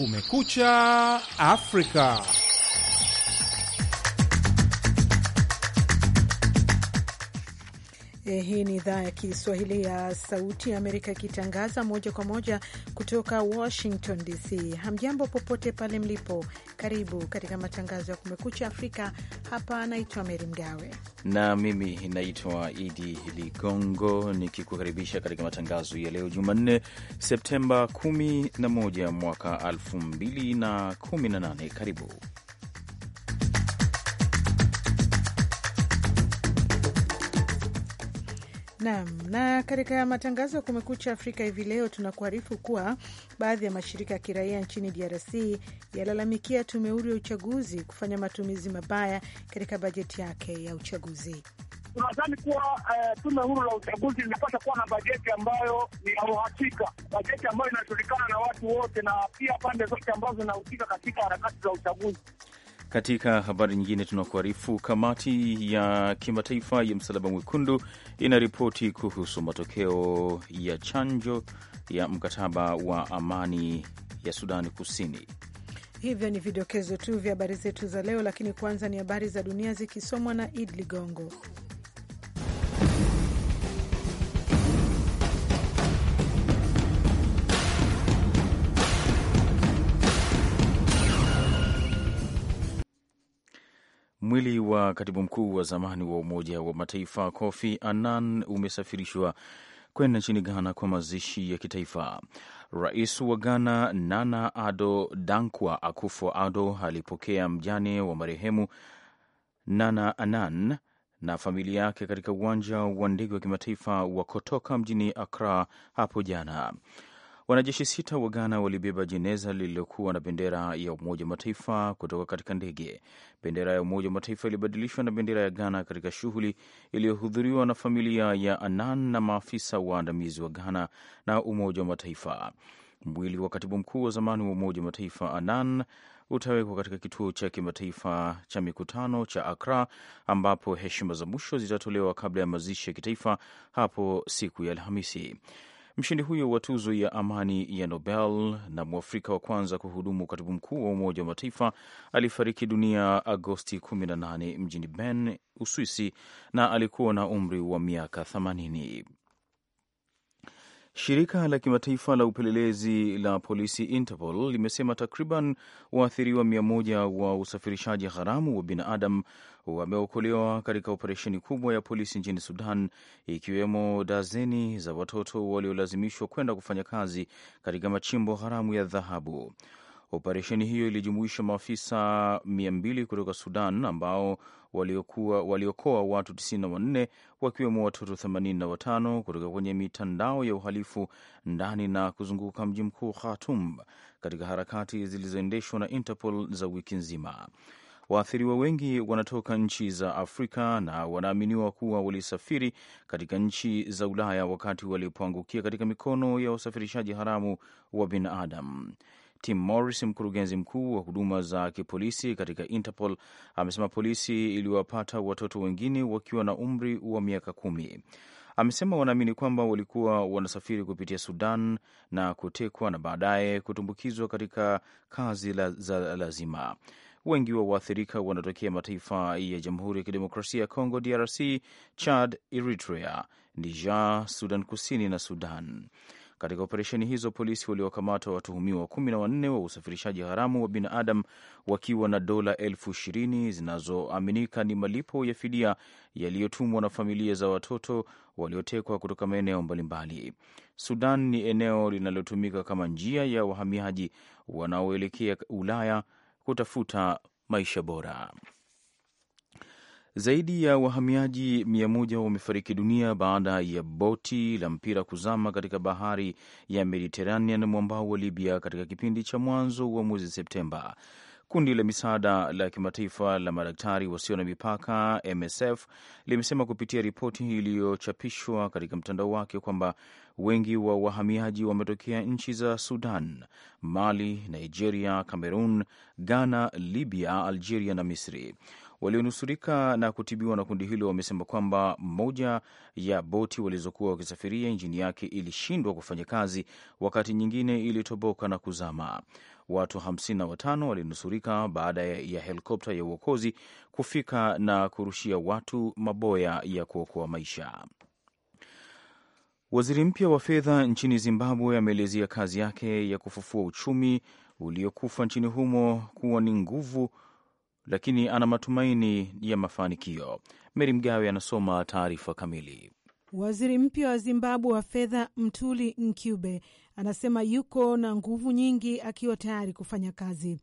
Kumekucha Afrika. Eh, hii ni idhaa ya Kiswahili ya Sauti ya Amerika ikitangaza moja kwa moja kutoka Washington DC. Hamjambo popote pale mlipo, karibu katika matangazo ya Kumekucha Afrika. Hapa anaitwa Meri Mgawe na mimi naitwa Idi Ligongo nikikukaribisha katika matangazo ya leo Jumanne, Septemba 11 mwaka 2018. Karibu Naam, na katika matangazo ya Kumekucha Afrika hivi leo tunakuarifu kuwa baadhi ya mashirika ya kiraia nchini DRC yalalamikia tume huru ya uchaguzi kufanya matumizi mabaya katika bajeti yake ya uchaguzi. Tunadhani kuwa uh, tume huru la uchaguzi linapaswa kuwa na bajeti ambayo ni ya uhakika, bajeti ambayo inajulikana na watu wote na pia pande zote ambazo zinahusika katika harakati za uchaguzi. Katika habari nyingine, tunakuarifu kamati ya kimataifa ya Msalaba Mwekundu inaripoti kuhusu matokeo ya chanjo ya mkataba wa amani ya Sudani Kusini. Hivyo ni vidokezo tu vya habari zetu za leo, lakini kwanza ni habari za dunia zikisomwa na Id Ligongo. Mwili wa katibu mkuu wa zamani wa Umoja wa Mataifa Kofi Annan umesafirishwa kwenda nchini Ghana kwa mazishi ya kitaifa. Rais wa Ghana Nana Ado Dankwa Akufo Ado alipokea mjane wa marehemu Nana Anan na familia yake katika uwanja wa ndege wa kimataifa wa Kotoka mjini Accra hapo jana. Wanajeshi sita wa Ghana walibeba jeneza lililokuwa na bendera ya Umoja wa Mataifa kutoka katika ndege. Bendera ya Umoja wa Mataifa ilibadilishwa na bendera ya Ghana katika shughuli iliyohudhuriwa na familia ya Anan na maafisa waandamizi wa Ghana na Umoja wa Mataifa. Mwili wa katibu mkuu wa zamani wa Umoja wa Mataifa Anan utawekwa katika kituo cha kimataifa cha mikutano cha Akra ambapo heshima za mwisho zitatolewa kabla ya mazishi ya kitaifa hapo siku ya Alhamisi. Mshindi huyo wa tuzo ya amani ya Nobel na Mwafrika wa kwanza kuhudumu katibu mkuu wa Umoja wa Mataifa alifariki dunia Agosti 18 mjini Bern, Uswisi, na alikuwa na umri wa miaka 80. Shirika la kimataifa la upelelezi la polisi Interpol limesema takriban waathiriwa mia moja wa usafirishaji haramu wa binadamu wameokolewa katika operesheni kubwa ya polisi nchini Sudan, ikiwemo dazeni za watoto waliolazimishwa kwenda kufanya kazi katika machimbo haramu ya dhahabu. Operesheni hiyo ilijumuisha maafisa 2 kutoka Sudan ambao waliokuwa waliokoa watu 94 wakiwemo watoto 85 kutoka kwenye mitandao ya uhalifu ndani na kuzunguka mji mkuu Khartoum katika harakati zilizoendeshwa na Interpol za wiki nzima. Waathiriwa wengi wanatoka nchi za Afrika na wanaaminiwa kuwa walisafiri katika nchi za Ulaya wakati walipoangukia katika mikono ya wasafirishaji haramu wa binadamu. Tim Morris, mkurugenzi mkuu wa huduma za kipolisi katika Interpol, amesema polisi iliwapata watoto wengine wakiwa na umri wa miaka kumi. Amesema wanaamini kwamba walikuwa wanasafiri kupitia Sudan na kutekwa na baadaye kutumbukizwa katika kazi la, za lazima. Wengi wa waathirika wanatokea mataifa ya Jamhuri ya Kidemokrasia ya Kongo, DRC, Chad, Eritrea, Niger, Sudan Kusini na Sudan. Katika operesheni hizo polisi waliwakamata watuhumiwa kumi na wanne wa usafirishaji haramu wa binadamu wakiwa na dola elfu ishirini zinazoaminika ni malipo ya fidia yaliyotumwa na familia za watoto waliotekwa kutoka maeneo mbalimbali. Sudan ni eneo linalotumika kama njia ya wahamiaji wanaoelekea Ulaya kutafuta maisha bora. Zaidi ya wahamiaji mia moja wamefariki dunia baada ya boti la mpira kuzama katika bahari ya Mediterranean mwambao wa Libya katika kipindi cha mwanzo wa mwezi Septemba. Kundi la misaada la kimataifa la madaktari wasio na mipaka MSF limesema kupitia ripoti iliyochapishwa katika mtandao wake kwamba wengi wa wahamiaji wametokea nchi za Sudan, Mali, Nigeria, Cameroon, Ghana, Libya, Algeria na Misri. Walionusurika na kutibiwa na kundi hilo wamesema kwamba moja ya boti walizokuwa wakisafiria injini yake ilishindwa kufanya kazi, wakati nyingine ilitoboka na kuzama. Watu 55 walinusurika baada ya helikopta ya uokozi kufika na kurushia watu maboya ya kuokoa maisha. Waziri mpya wa fedha nchini Zimbabwe ameelezea kazi yake ya kufufua uchumi uliokufa nchini humo kuwa ni nguvu lakini ana matumaini ya mafanikio. Meri Mgawe anasoma taarifa kamili. Waziri mpya wa Zimbabwe wa fedha Mtuli Ncube anasema yuko na nguvu nyingi, akiwa tayari kufanya kazi.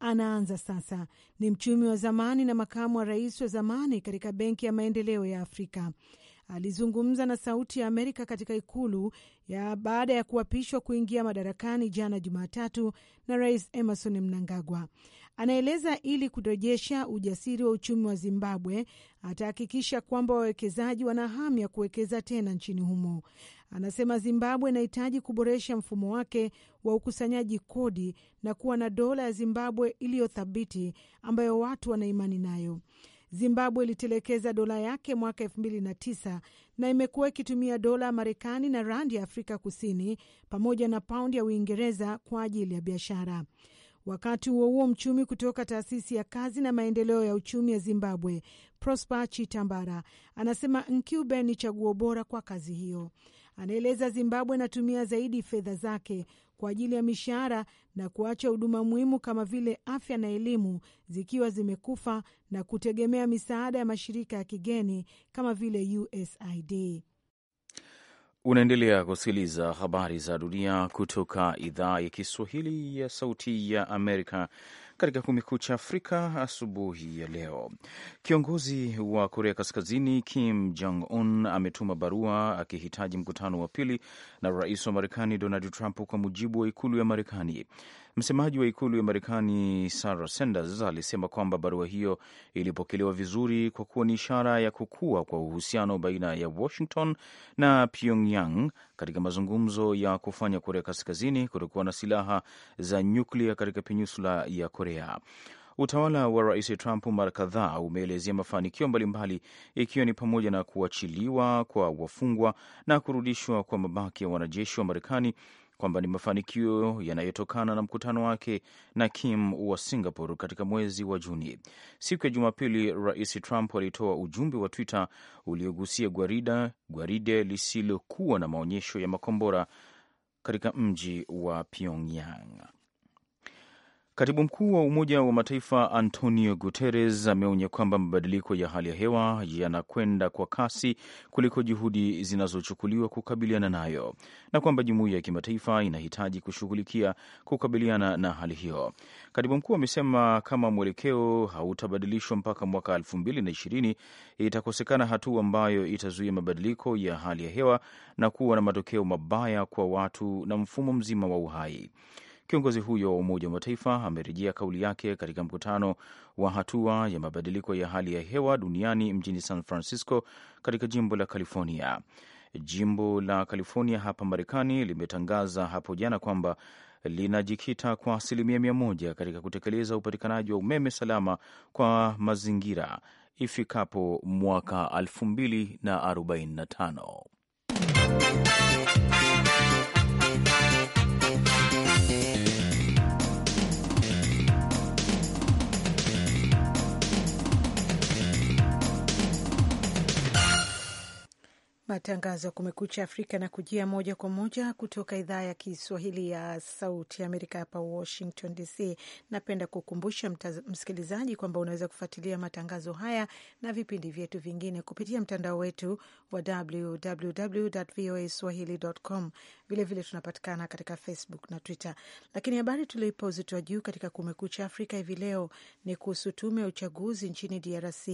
Anaanza sasa. Ni mchumi wa zamani na makamu wa rais wa zamani katika Benki ya Maendeleo ya Afrika. Alizungumza na Sauti ya Amerika katika ikulu ya baada ya kuapishwa kuingia madarakani jana Jumatatu na Rais Emerson Mnangagwa. Anaeleza ili kurejesha ujasiri wa uchumi wa Zimbabwe atahakikisha kwamba wawekezaji wana hamu ya kuwekeza tena nchini humo. Anasema Zimbabwe inahitaji kuboresha mfumo wake wa ukusanyaji kodi na kuwa na dola ya Zimbabwe iliyothabiti ambayo watu wana imani nayo. Zimbabwe ilitelekeza dola yake mwaka elfu mbili na tisa na imekuwa ikitumia dola ya Marekani na randi ya Afrika Kusini pamoja na paundi ya Uingereza kwa ajili ya biashara. Wakati huo huo, mchumi kutoka taasisi ya kazi na maendeleo ya uchumi ya Zimbabwe, Prosper Chitambara, anasema Ncube ni chaguo bora kwa kazi hiyo. Anaeleza Zimbabwe inatumia zaidi fedha zake kwa ajili ya mishahara na kuacha huduma muhimu kama vile afya na elimu zikiwa zimekufa na kutegemea misaada ya mashirika ya kigeni kama vile USAID. Unaendelea kusikiliza habari za dunia kutoka idhaa ya Kiswahili ya Sauti ya Amerika katika Kumekucha Afrika. Asubuhi ya leo, kiongozi wa Korea Kaskazini Kim Jong Un ametuma barua akihitaji mkutano wa pili na rais wa Marekani Donald Trump, kwa mujibu wa ikulu ya Marekani. Msemaji wa ikulu ya Marekani Sarah Sanders alisema kwamba barua hiyo ilipokelewa vizuri kwa kuwa ni ishara ya kukua kwa uhusiano baina ya Washington na Pyongyang katika mazungumzo ya kufanya Korea Kaskazini kutokuwa na silaha za nyuklia katika peninsula ya Korea. Utawala wa Rais Trump mara kadhaa umeelezea mafanikio mbalimbali ikiwa ni pamoja na kuachiliwa kwa wafungwa na kurudishwa kwa mabaki ya wanajeshi wa Marekani kwamba ni mafanikio yanayotokana na mkutano wake na Kim wa Singapore katika mwezi wa Juni. Siku ya Jumapili, Rais Trump alitoa ujumbe wa Twitter uliogusia gwarida gwaride lisilokuwa na maonyesho ya makombora katika mji wa Pyongyang. Katibu mkuu wa Umoja wa Mataifa Antonio Guterres ameonya kwamba mabadiliko ya hali ya hewa yanakwenda kwa kasi kuliko juhudi zinazochukuliwa kukabiliana nayo na kwamba jumuiya ya kimataifa inahitaji kushughulikia kukabiliana na hali hiyo. Katibu mkuu amesema kama mwelekeo hautabadilishwa mpaka mwaka ishirini itakosekana hatua ambayo itazuia mabadiliko ya hali ya hewa na kuwa na matokeo mabaya kwa watu na mfumo mzima wa uhai. Kiongozi huyo wa Umoja wa Mataifa amerejea kauli yake katika mkutano wa hatua ya mabadiliko ya hali ya hewa duniani mjini San Francisco katika jimbo la California. Jimbo la California hapa Marekani limetangaza hapo jana kwamba linajikita kwa asilimia mia moja katika kutekeleza upatikanaji wa umeme salama kwa mazingira ifikapo mwaka 2045. Matangazo ya Kumekucha Afrika na kujia moja kwa moja kutoka idhaa ya Kiswahili ya Sauti ya Amerika hapa Washington DC. Napenda kukumbusha msikilizaji kwamba unaweza kufuatilia matangazo haya na vipindi vyetu vingine kupitia mtandao wetu wa www voa swahili.com. Vilevile tunapatikana katika Facebook na Twitter. Lakini habari tulioipa uzito wa juu katika Kumekucha Afrika hivi leo ni kuhusu tume ya uchaguzi nchini DRC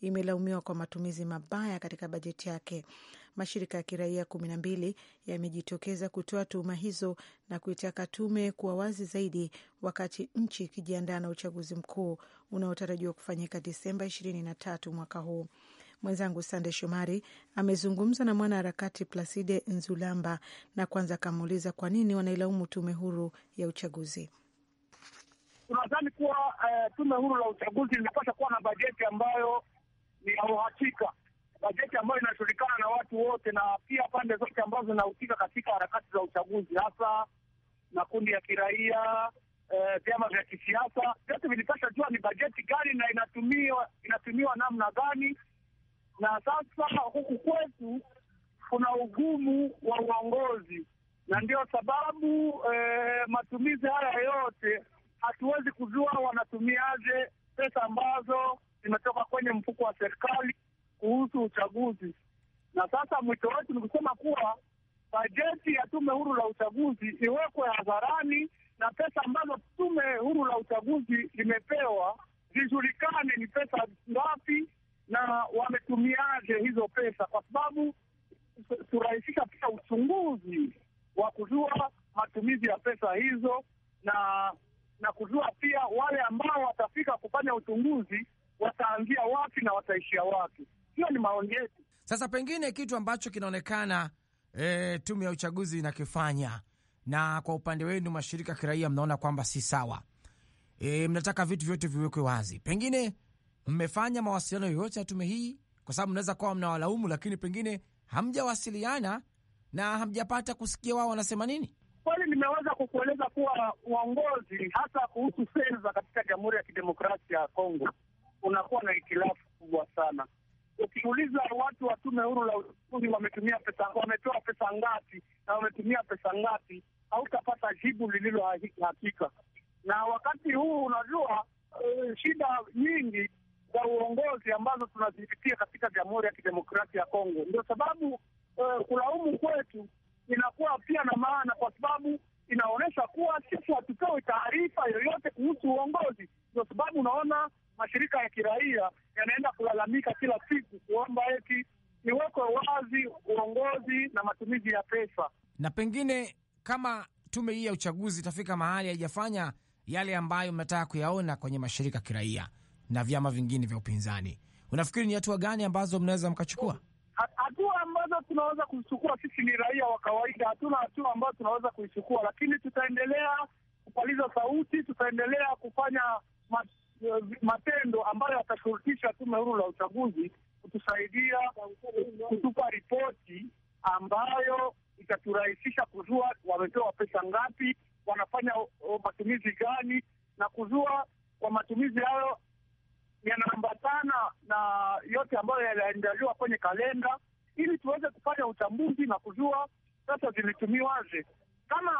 imelaumiwa kwa matumizi mabaya katika bajeti yake. Mashirika ya kiraia kumi na mbili yamejitokeza kutoa tuhuma hizo na kuitaka tume kuwa wazi zaidi wakati nchi ikijiandaa na uchaguzi mkuu unaotarajiwa kufanyika Disemba 23 mwaka huu. Mwenzangu Sande Shomari amezungumza na mwanaharakati Placide Nzulamba na kwanza akamuuliza kwa nini wanailaumu tume huru ya uchaguzi. Tunadhani kuwa uh, tume huru la uchaguzi linapaswa kuwa na bajeti ambayo ni ya uhakika, bajeti ambayo inashirikana na watu wote na pia pande zote ambazo zinahusika katika harakati za uchaguzi, hasa makundi ya kiraia, eh, vyama uh, vya kisiasa. Vyote vilipasha jua ni bajeti gani na inatumiwa, inatumiwa namna gani na sasa huku kwetu kuna ugumu wa uongozi, na ndio sababu eh, matumizi haya yote hatuwezi kujua wanatumiaje pesa ambazo zimetoka kwenye mfuko wa serikali kuhusu uchaguzi. Na sasa mwito wetu ni kusema kuwa bajeti ya tume huru la uchaguzi iwekwe hadharani na pesa ambazo tume huru la uchaguzi imepewa zijulikane ni pesa ngapi na wametumiaje hizo pesa, kwa sababu turahisisha pia uchunguzi wa kujua matumizi ya pesa hizo na na kujua pia wale ambao watafika kufanya uchunguzi wataanzia wapi na wataishia wapi. Hiyo ni maoni yetu. Sasa pengine kitu ambacho kinaonekana e, tume ya uchaguzi inakifanya, na kwa upande wenu mashirika ya kiraia mnaona kwamba si sawa e, mnataka vitu vyote viwekwe wazi, pengine mmefanya mawasiliano yoyote na tume hii? Kwa sababu mnaweza kuwa mnawalaumu, lakini pengine hamjawasiliana na hamjapata kusikia wao wanasema nini. Kweli nimeweza kukueleza kuwa uongozi hasa kuhusu fedha katika Jamhuri ya Kidemokrasia ya Kongo unakuwa na hitilafu kubwa sana. Ukiuliza watu wa tume huru la uchaguzi wametumia pesa, wametoa pesa ngapi na wametumia pesa ngapi, hautapata jibu lililo hakika. Na wakati huu unajua, uh, shida nyingi za uongozi ambazo tunazipitia katika Jamhuri ya Kidemokrasia ya Kongo. Ndio sababu uh, kulaumu kwetu inakuwa pia na maana, kwa sababu inaonyesha kuwa sisi hatupewi taarifa yoyote kuhusu uongozi. Ndio sababu unaona mashirika ya kiraia yanaenda kulalamika kila siku kuomba eti iwekwe wazi uongozi na matumizi ya pesa, na pengine kama tume hii ya uchaguzi itafika mahali haijafanya yale ambayo mnataka kuyaona kwenye mashirika kiraia na vyama vingine vya upinzani. Unafikiri ni hatua gani ambazo mnaweza mkachukua? Hatua ambazo tunaweza kuichukua sisi ni raia wa kawaida, hatuna hatua ambazo tunaweza kuichukua, lakini tutaendelea kupaliza sauti, tutaendelea kufanya mat, matendo ambayo yatashurutisha tume huru la uchaguzi kutusaidia kutupa ripoti ambayo itaturahisisha kujua wamepewa pesa ngapi, wanafanya matumizi gani, na kujua kwa matumizi hayo yanaambatana na yote ambayo yaliandaliwa kwenye kalenda, ili tuweze kufanya utambuzi na kujua sasa zilitumiwaje. Kama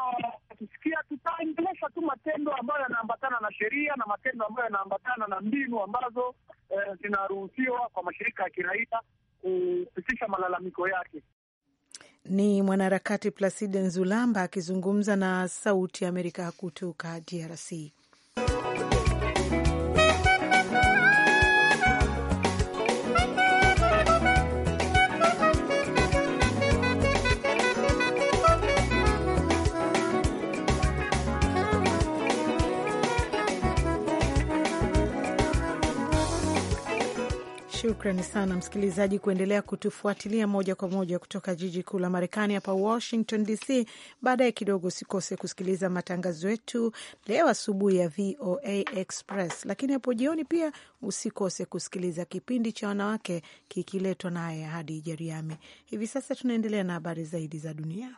wakisikia, tutaendelesha tu matendo ambayo yanaambatana na sheria na matendo ambayo yanaambatana na mbinu ambazo eh, zinaruhusiwa kwa mashirika ya kiraia kupitisha malalamiko yake. Ni mwanaharakati Placide Nzulamba akizungumza na Sauti ya Amerika kutoka DRC. Shukrani sana msikilizaji kuendelea kutufuatilia moja kwa moja kutoka jiji kuu la Marekani hapa Washington DC. Baadaye kidogo usikose kusikiliza matangazo yetu leo asubuhi ya VOA Express, lakini hapo jioni pia usikose kusikiliza kipindi cha wanawake kikiletwa naye Hadi Jeriami. Hivi sasa tunaendelea na habari zaidi za dunia.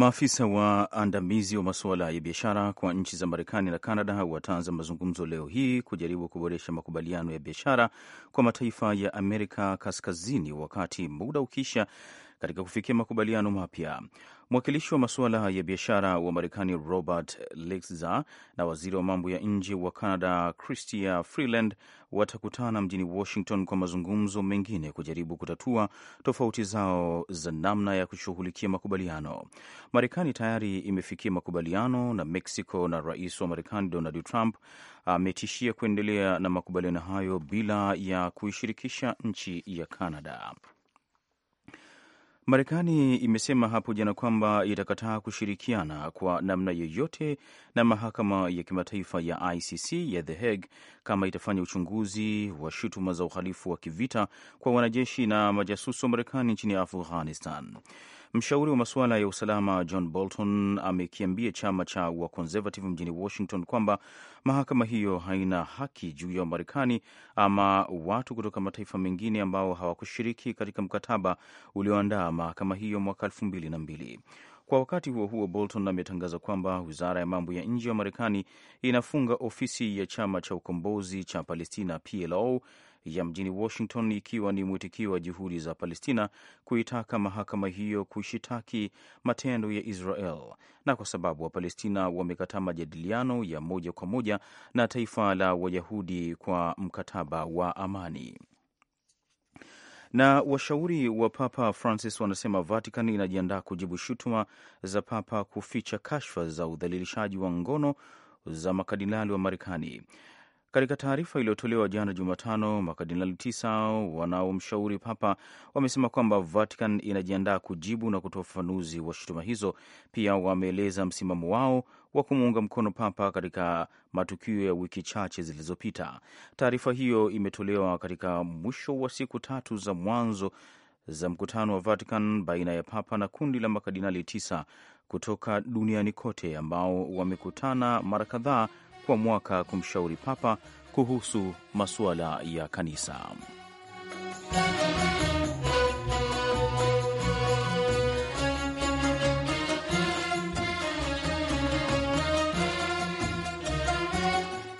Maafisa wa andamizi wa masuala ya biashara kwa nchi za Marekani na Kanada wataanza mazungumzo leo hii kujaribu kuboresha makubaliano ya biashara kwa mataifa ya Amerika Kaskazini, wakati muda ukiisha katika kufikia makubaliano mapya. Mwakilishi wa masuala ya biashara wa Marekani Robert Lighthizer na waziri wa mambo ya nje wa Canada Chrystia Freeland watakutana mjini Washington kwa mazungumzo mengine kujaribu kutatua tofauti zao za namna ya kushughulikia makubaliano. Marekani tayari imefikia makubaliano na Mexico na rais wa Marekani Donald Trump ametishia kuendelea na makubaliano hayo bila ya kuishirikisha nchi ya Canada. Marekani imesema hapo jana kwamba itakataa kushirikiana kwa namna yoyote na mahakama ya kimataifa ya ICC ya The Hague kama itafanya uchunguzi wa shutuma za uhalifu wa kivita kwa wanajeshi na majasusi wa Marekani nchini Afghanistan. Mshauri wa masuala ya usalama John Bolton amekiambia chama cha Waconservative mjini Washington kwamba mahakama hiyo haina haki juu ya Wamarekani ama watu kutoka mataifa mengine ambao hawakushiriki katika mkataba ulioandaa mahakama hiyo mwaka elfu mbili na mbili. Kwa wakati huo huo, Bolton ametangaza kwamba wizara ya mambo ya nje ya Marekani inafunga ofisi ya chama cha ukombozi cha Palestina PLO ya mjini Washington, ikiwa ni mwitikio wa juhudi za Palestina kuitaka mahakama hiyo kushitaki matendo ya Israel, na kwa sababu Wapalestina wamekataa majadiliano ya moja kwa moja na taifa la Wayahudi kwa mkataba wa amani na washauri wa Papa Francis wanasema Vatican inajiandaa kujibu shutuma za Papa kuficha kashfa za udhalilishaji wa ngono za makadinali wa Marekani. Katika taarifa iliyotolewa jana Jumatano, makardinali tisa wanaomshauri Papa wamesema kwamba Vatican inajiandaa kujibu na kutoa ufafanuzi wa shutuma hizo. Pia wameeleza msimamo wao wa kumuunga mkono Papa katika matukio ya wiki chache zilizopita. Taarifa hiyo imetolewa katika mwisho wa siku tatu za mwanzo za mkutano wa Vatican baina ya Papa na kundi la makardinali tisa kutoka duniani kote ambao wamekutana mara kadhaa kwa mwaka kumshauri Papa kuhusu masuala ya kanisa.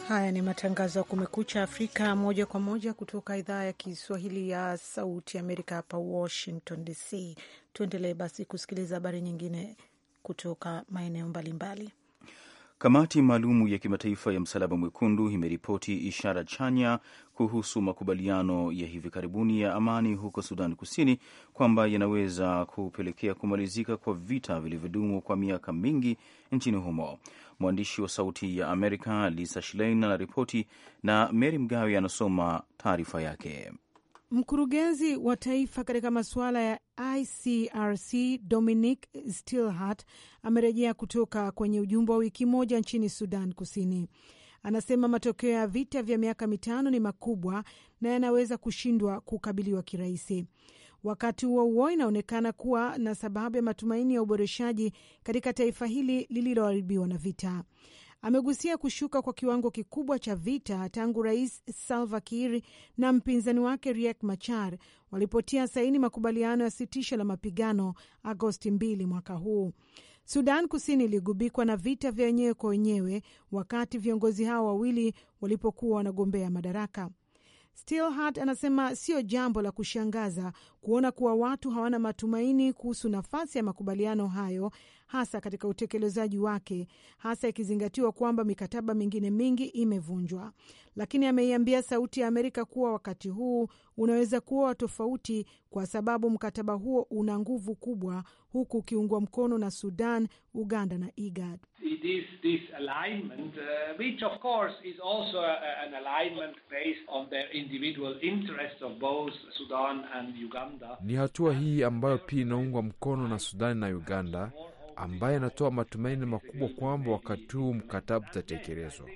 Haya ni matangazo ya Kumekucha Afrika moja kwa moja kutoka idhaa ya Kiswahili ya Sauti Amerika, hapa Washington DC. Tuendelee basi kusikiliza habari nyingine kutoka maeneo mbalimbali. Kamati maalumu ya kimataifa ya Msalaba Mwekundu imeripoti ishara chanya kuhusu makubaliano ya hivi karibuni ya amani huko Sudan Kusini kwamba yanaweza kupelekea kumalizika kwa vita vilivyodumu kwa miaka mingi nchini humo. Mwandishi wa Sauti ya Amerika Lisa Schlein anaripoti na mery Mgawe anasoma taarifa yake. Mkurugenzi wa taifa katika masuala ya ICRC Dominic Stillhart amerejea kutoka kwenye ujumbe wa wiki moja nchini Sudan Kusini. Anasema matokeo ya vita vya miaka mitano ni makubwa na yanaweza kushindwa kukabiliwa kirahisi. Wakati huo huo, inaonekana kuwa na sababu ya matumaini ya uboreshaji katika taifa hili lililoharibiwa na vita amegusia kushuka kwa kiwango kikubwa cha vita tangu Rais Salva Kiir na mpinzani wake Riek Machar walipotia saini makubaliano ya sitisho la mapigano Agosti 2 mwaka huu. Sudan Kusini iligubikwa na vita vya wenyewe kwa wenyewe wakati viongozi hao wawili walipokuwa wanagombea madaraka. Stillhart anasema sio jambo la kushangaza kuona kuwa watu hawana matumaini kuhusu nafasi ya makubaliano hayo hasa katika utekelezaji wake, hasa ikizingatiwa kwamba mikataba mingine mingi imevunjwa. Lakini ameiambia Sauti ya Amerika kuwa wakati huu unaweza kuwa wa tofauti kwa sababu mkataba huo una nguvu kubwa, huku ukiungwa mkono na Sudan, Uganda na IGAD. Uh, uh, Ni hatua hii ambayo pia inaungwa mkono na Sudani na Uganda ambaye anatoa matumaini makubwa kwamba wakati huu mkataba utatekelezwa,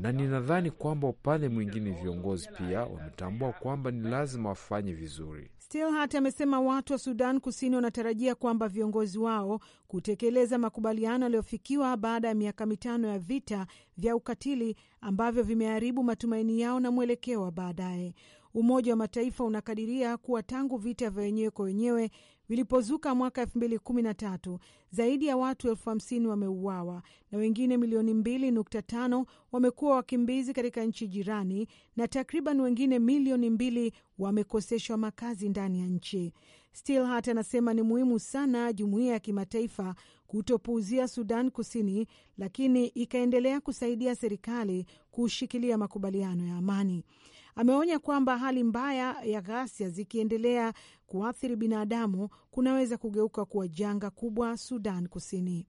na ninadhani kwamba upande mwingine viongozi pia wametambua kwamba ni lazima wafanye vizuri. Stilhart amesema watu wa Sudan Kusini wanatarajia kwamba viongozi wao kutekeleza makubaliano yaliyofikiwa baada ya miaka mitano ya vita vya ukatili ambavyo vimeharibu matumaini yao na mwelekeo wa baadaye. Umoja wa Mataifa unakadiria kuwa tangu vita vya wenyewe kwa wenyewe vilipozuka mwaka 2013 zaidi ya watu elfu hamsini wameuawa na wengine milioni 2.5 wamekuwa wakimbizi katika nchi jirani na takriban wengine milioni mbili wamekoseshwa makazi ndani ya nchi. Stillhart anasema ni muhimu sana jumuiya ya kimataifa kutopuuzia Sudan Kusini, lakini ikaendelea kusaidia serikali kushikilia makubaliano ya amani. Ameonya kwamba hali mbaya ya ghasia zikiendelea kuathiri binadamu kunaweza kugeuka kuwa janga kubwa Sudan Kusini.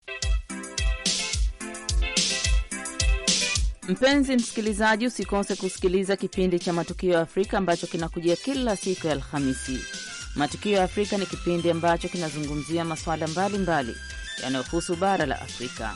Mpenzi msikilizaji, usikose kusikiliza kipindi cha Matukio ya Afrika ambacho kinakujia kila siku ya Alhamisi. Matukio ya Afrika ni kipindi ambacho kinazungumzia masuala mbalimbali yanayohusu bara la Afrika.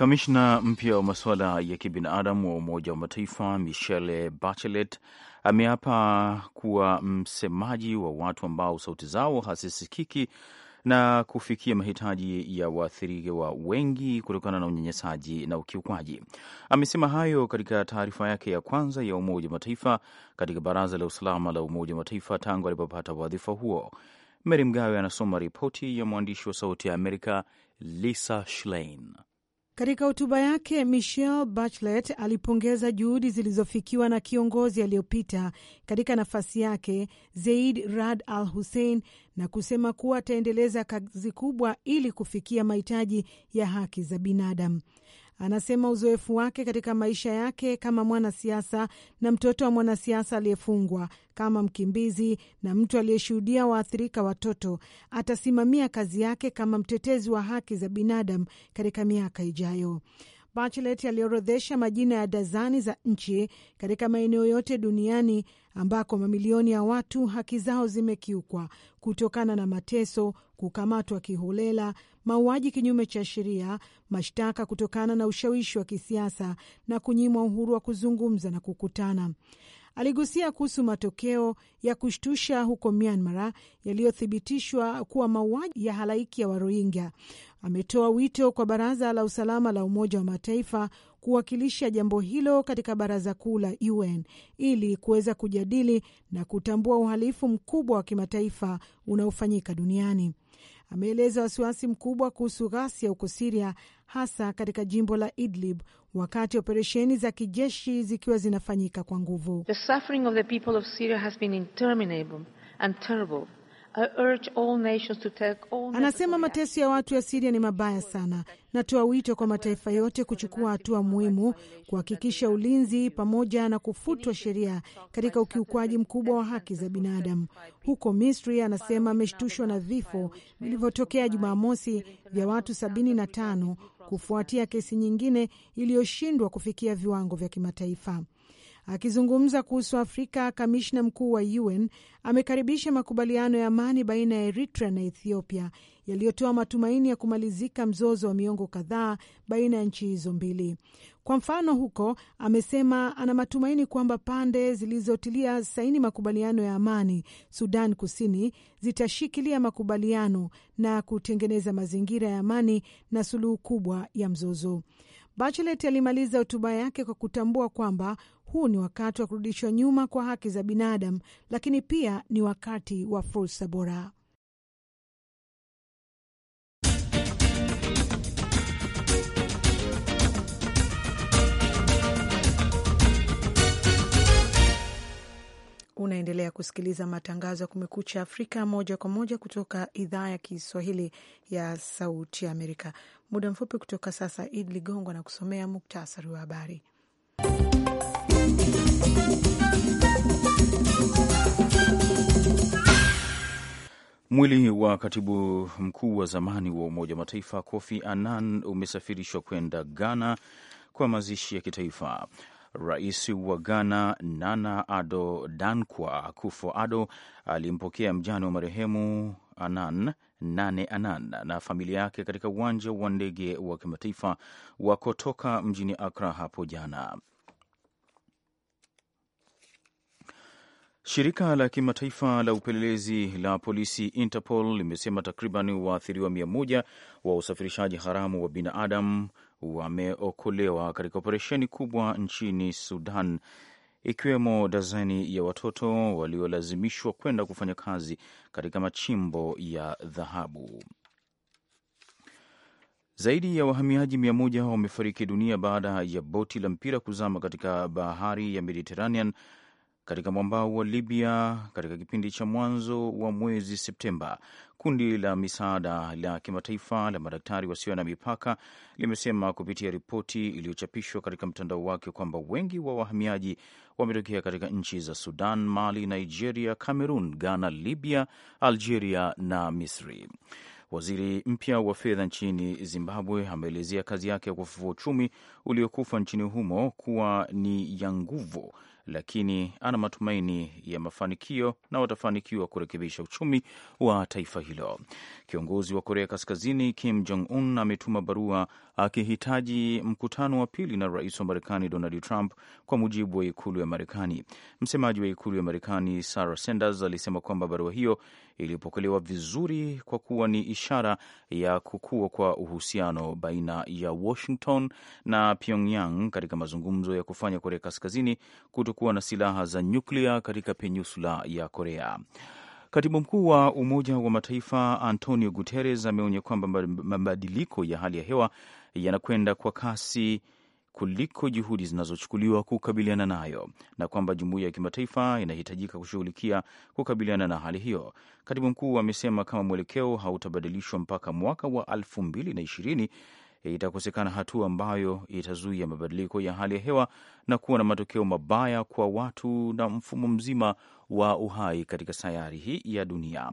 Kamishna mpya wa masuala ya kibinadamu wa Umoja wa Mataifa Michelle Bachelet ameapa kuwa msemaji wa watu ambao sauti zao hazisikiki na kufikia mahitaji ya waathiriwa wengi kutokana na unyanyasaji na ukiukwaji. Amesema hayo katika taarifa yake ya kwanza ya Umoja wa Mataifa katika Baraza la Usalama la Umoja wa Mataifa tangu alipopata wadhifa huo. mery Mgawe anasoma ripoti ya mwandishi wa Sauti ya Amerika Lisa Schlein. Katika hotuba yake, Michelle Bachelet alipongeza juhudi zilizofikiwa na kiongozi aliyopita katika nafasi yake Zeid Rad Al Hussein na kusema kuwa ataendeleza kazi kubwa ili kufikia mahitaji ya haki za binadamu. Anasema uzoefu wake katika maisha yake kama mwanasiasa na mtoto wa mwanasiasa aliyefungwa, kama mkimbizi na mtu aliyeshuhudia waathirika watoto, atasimamia kazi yake kama mtetezi wa haki za binadamu katika miaka ijayo. Bachelet aliorodhesha majina ya dazani za nchi katika maeneo yote duniani ambako mamilioni ya watu haki zao zimekiukwa kutokana na mateso, kukamatwa kiholela, mauaji kinyume cha sheria, mashtaka kutokana na ushawishi wa kisiasa na kunyimwa uhuru wa kuzungumza na kukutana. Aligusia kuhusu matokeo ya kushtusha huko Myanmar yaliyothibitishwa kuwa mauaji ya halaiki ya Warohingya. Ametoa wito kwa Baraza la Usalama la Umoja wa Mataifa kuwakilisha jambo hilo katika Baraza Kuu la UN ili kuweza kujadili na kutambua uhalifu mkubwa wa kimataifa unaofanyika duniani ameeleza wasiwasi mkubwa kuhusu ghasia huko Siria, hasa katika jimbo la Idlib, wakati operesheni za kijeshi zikiwa zinafanyika kwa nguvu. The suffering of the people of Syria has been interminable and terrible. Anasema mateso ya watu ya Siria ni mabaya sana. Natoa wito kwa mataifa yote kuchukua hatua muhimu kuhakikisha ulinzi pamoja na kufutwa sheria katika ukiukwaji mkubwa wa haki za binadamu huko Misri. Anasema ameshtushwa na vifo vilivyotokea Jumamosi vya watu 75 kufuatia kesi nyingine iliyoshindwa kufikia viwango vya kimataifa. Akizungumza kuhusu Afrika, kamishna mkuu wa UN amekaribisha makubaliano ya amani baina ya Eritrea na Ethiopia yaliyotoa matumaini ya kumalizika mzozo wa miongo kadhaa baina ya nchi hizo mbili. Kwa mfano, huko amesema ana matumaini kwamba pande zilizotilia saini makubaliano ya amani Sudan Kusini zitashikilia makubaliano na kutengeneza mazingira ya amani na suluhu kubwa ya mzozo. Bachelet alimaliza hotuba yake kwa kutambua kwamba huu ni wakati wa kurudishwa nyuma kwa haki za binadamu, lakini pia ni wakati wa fursa bora. Unaendelea kusikiliza matangazo ya Kumekucha Afrika moja kwa moja kutoka idhaa ya Kiswahili ya Sauti Amerika. Muda mfupi kutoka sasa, Id Ligongo anakusomea muktasari wa habari. Mwili wa katibu mkuu wa zamani wa Umoja wa Mataifa Kofi Annan umesafirishwa kwenda Ghana kwa mazishi ya kitaifa. Rais wa Ghana Nana Ado Dankwa akufo ado alimpokea mjane wa marehemu Anan Nane Anan na familia yake katika uwanja wa ndege wa kimataifa wa mjini akra hapo jana. Shirika la kimataifa la upelelezi la polisi Interpol limesema takriban waathiriwa mia moja wa usafirishaji haramu wa binadamu wameokolewa katika operesheni kubwa nchini Sudan, ikiwemo dazeni ya watoto waliolazimishwa kwenda kufanya kazi katika machimbo ya dhahabu. Zaidi ya wahamiaji mia moja wamefariki dunia baada ya boti la mpira kuzama katika bahari ya Mediterranean katika mwambao wa Libya katika kipindi cha mwanzo wa mwezi Septemba. Kundi la misaada la kimataifa la madaktari wasio na mipaka limesema kupitia ripoti iliyochapishwa katika mtandao wake kwamba wengi wa wahamiaji wametokea katika nchi za Sudan, Mali, Nigeria, Cameroon, Ghana, Libya, Algeria na Misri. Waziri mpya wa fedha nchini Zimbabwe ameelezea kazi yake ya kufufua uchumi uliokufa nchini humo kuwa ni ya nguvu lakini ana matumaini ya mafanikio na watafanikiwa kurekebisha uchumi wa taifa hilo. Kiongozi wa Korea Kaskazini Kim Jong Un ametuma barua akihitaji mkutano wa pili na rais wa Marekani Donald Trump, kwa mujibu wa ikulu ya Marekani. Msemaji wa ikulu ya Marekani Sarah Sanders alisema kwamba barua hiyo iliyopokelewa vizuri kwa kuwa ni ishara ya kukua kwa uhusiano baina ya Washington na Pyongyang katika mazungumzo ya kufanya Korea Kaskazini kutokuwa na silaha za nyuklia katika peninsula ya Korea. Katibu mkuu wa Umoja wa Mataifa Antonio Guterres ameonya kwamba mabadiliko ya hali ya hewa yanakwenda kwa kasi kuliko juhudi zinazochukuliwa kukabiliana nayo na kwamba jumuiya ya kimataifa inahitajika kushughulikia kukabiliana na hali hiyo. Katibu mkuu amesema kama mwelekeo hautabadilishwa mpaka mwaka wa elfu mbili na ishirini itakosekana hatua ambayo itazuia mabadiliko ya hali ya hewa na kuwa na matokeo mabaya kwa watu na mfumo mzima wa uhai katika sayari hii ya dunia.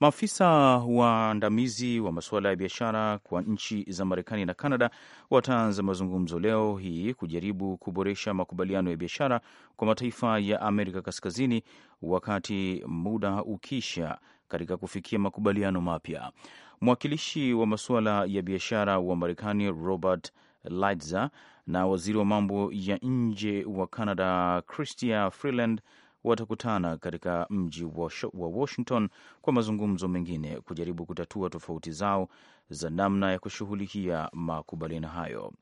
Maafisa waandamizi wa, wa masuala ya biashara kwa nchi za Marekani na Kanada wataanza mazungumzo leo hii kujaribu kuboresha makubaliano ya biashara kwa mataifa ya Amerika Kaskazini wakati muda ukisha katika kufikia makubaliano mapya. Mwakilishi wa masuala ya biashara wa Marekani Robert Lighthizer na waziri wa mambo ya nje wa Canada Chrystia Freeland watakutana katika mji wa Washington kwa mazungumzo mengine kujaribu kutatua tofauti zao za namna ya kushughulikia makubaliano hayo.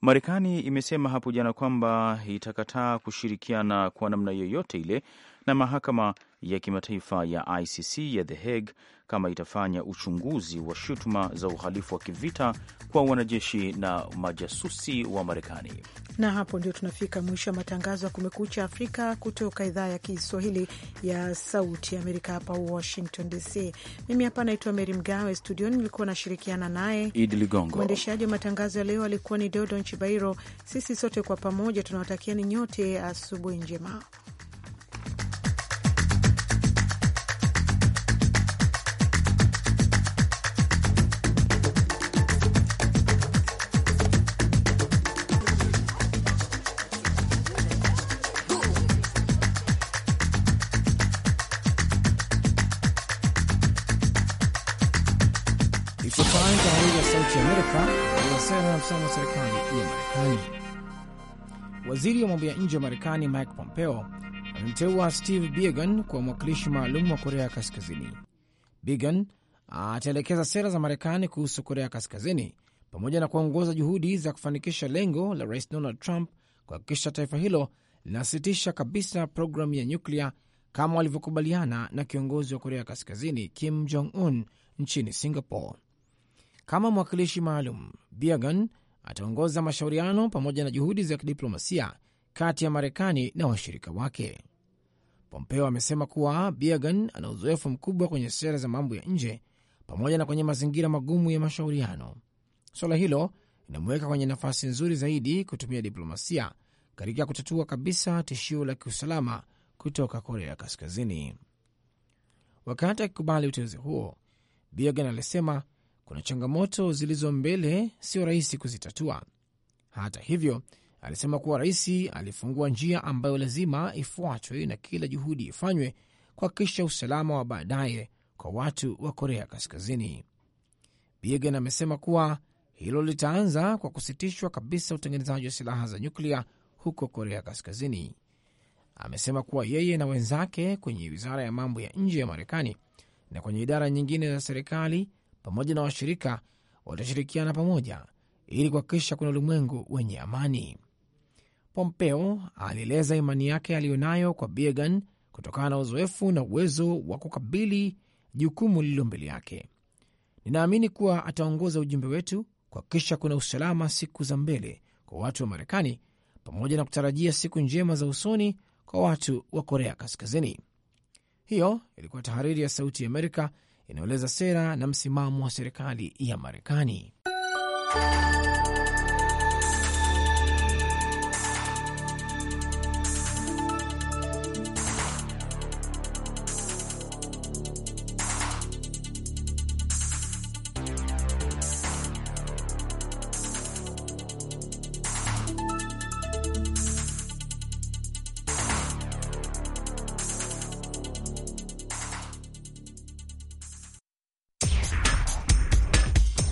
Marekani imesema hapo jana kwamba itakataa kushirikiana kwa namna yoyote ile na mahakama ya kimataifa ya ICC ya The Hague kama itafanya uchunguzi wa shutuma za uhalifu wa kivita kwa wanajeshi na majasusi wa Marekani. Na hapo ndio tunafika mwisho wa matangazo ya Kumekucha Afrika kutoka idhaa ya Kiswahili ya Sauti ya Amerika hapa Washington DC. Mimi hapa naitwa Meri Mgawe, studioni nilikuwa nashirikiana naye Idi Ligongo. Mwendeshaji wa matangazo ya leo alikuwa ni Dodo Nchibairo. Sisi sote kwa pamoja tunawatakia ni nyote asubuhi njema. maafisa wa serikali ya Marekani. Waziri wa mambo ya nje wa Marekani Mike Pompeo amemteua Steve Biegun kwa mwakilishi maalum wa Korea Kaskazini. Biegun ataelekeza sera za Marekani kuhusu Korea Kaskazini pamoja na kuongoza juhudi za kufanikisha lengo la Rais Donald Trump kuhakikisha taifa hilo linasitisha kabisa programu ya nyuklia kama walivyokubaliana na kiongozi wa Korea Kaskazini Kim Jong Un nchini Singapore. Kama mwakilishi maalum, Biegun ataongoza mashauriano pamoja na juhudi za kidiplomasia kati ya Marekani na washirika wake. Pompeo amesema kuwa Biegun ana uzoefu mkubwa kwenye sera za mambo ya nje pamoja na kwenye mazingira magumu ya mashauriano. Suala hilo inamuweka kwenye nafasi nzuri zaidi kutumia diplomasia katika kutatua kabisa tishio la kiusalama kutoka Korea Kaskazini. Wakati akikubali uteuzi huo, Biegun alisema kuna changamoto zilizo mbele, sio rahisi kuzitatua. Hata hivyo, alisema kuwa rais alifungua njia ambayo lazima ifuatwe na kila juhudi ifanywe kuhakikisha usalama wa baadaye kwa watu wa Korea Kaskazini. biegen amesema kuwa hilo litaanza kwa kusitishwa kabisa utengenezaji wa silaha za nyuklia huko Korea Kaskazini. Amesema kuwa yeye na wenzake kwenye wizara ya mambo ya nje ya Marekani na kwenye idara nyingine za serikali pamoja na washirika watashirikiana pamoja ili kuhakikisha kuna ulimwengu wenye amani. Pompeo alieleza imani yake aliyonayo kwa Biegan kutokana na uzoefu na uwezo wa kukabili jukumu lililo mbele yake. Ninaamini kuwa ataongoza ujumbe wetu kuhakikisha kuna usalama siku za mbele kwa watu wa Marekani, pamoja na kutarajia siku njema za usoni kwa watu wa Korea Kaskazini. Hiyo ilikuwa tahariri ya Sauti ya Amerika inayoeleza sera na msimamo wa serikali ya Marekani.